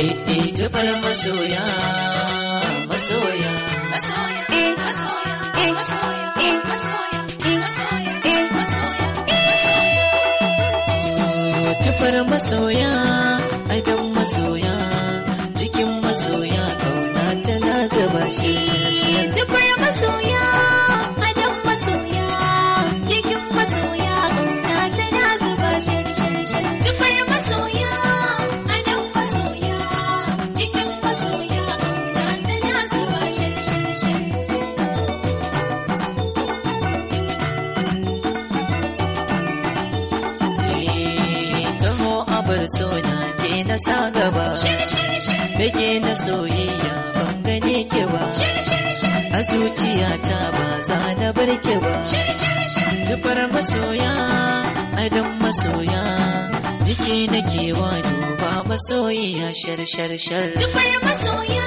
eh masoya masoya masoya eh masoya e, masoya e, masoya masoya masoya masoya masoya cikin masoya kauna tana zuba shi tufar masoya kamar sona ke na sa gaba bege na soyayya ban gane ke ba a zuciyata ba za na bar ke ba tufar masoya adon masoya nake na kewa duba masoyiya shar shar shar tufar masoya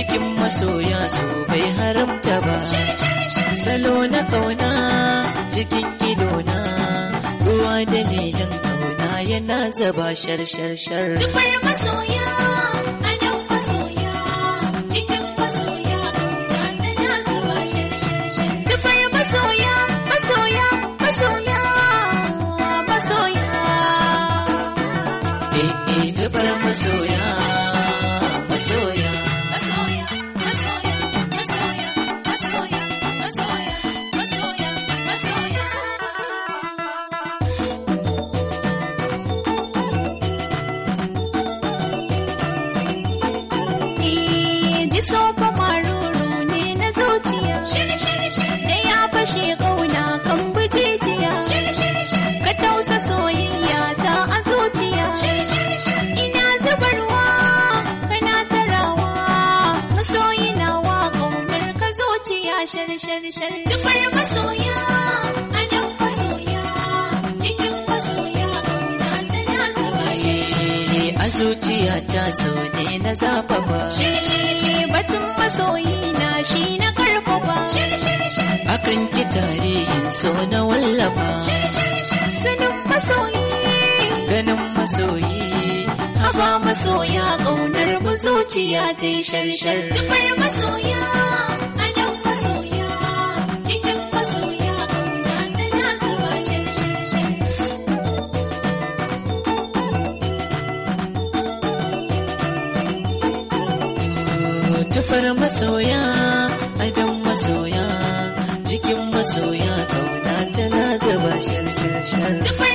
cikin masoya su bai haramta ba salo na kauna cikin idona ruwa da nilan kauna yana zaba shar shar shar masoya masoya cikin masoya kauna zaba shar shar shar masoya masoya masoya masoya eh eh masoya shiri shiri shiri ya fashe kauna kan bijijiya ka tausa soyayya ta a zuciya ina zubarwa kana tarawa masoyi nawa kaunar ka zuciya shiri shiri shiri zubar masoya a zuciyata so ne na ba. Shirishirishi batun masoyi na shi na Shirishirishi akan ki tarihin so na wallafa sanin masoyi ganin masoyi haba masoya ƙaunar mu zuciya ta yi sharshar Tufar masoya manufar masoya adon masoya jikin masoya kauna tana zuba shar shar shar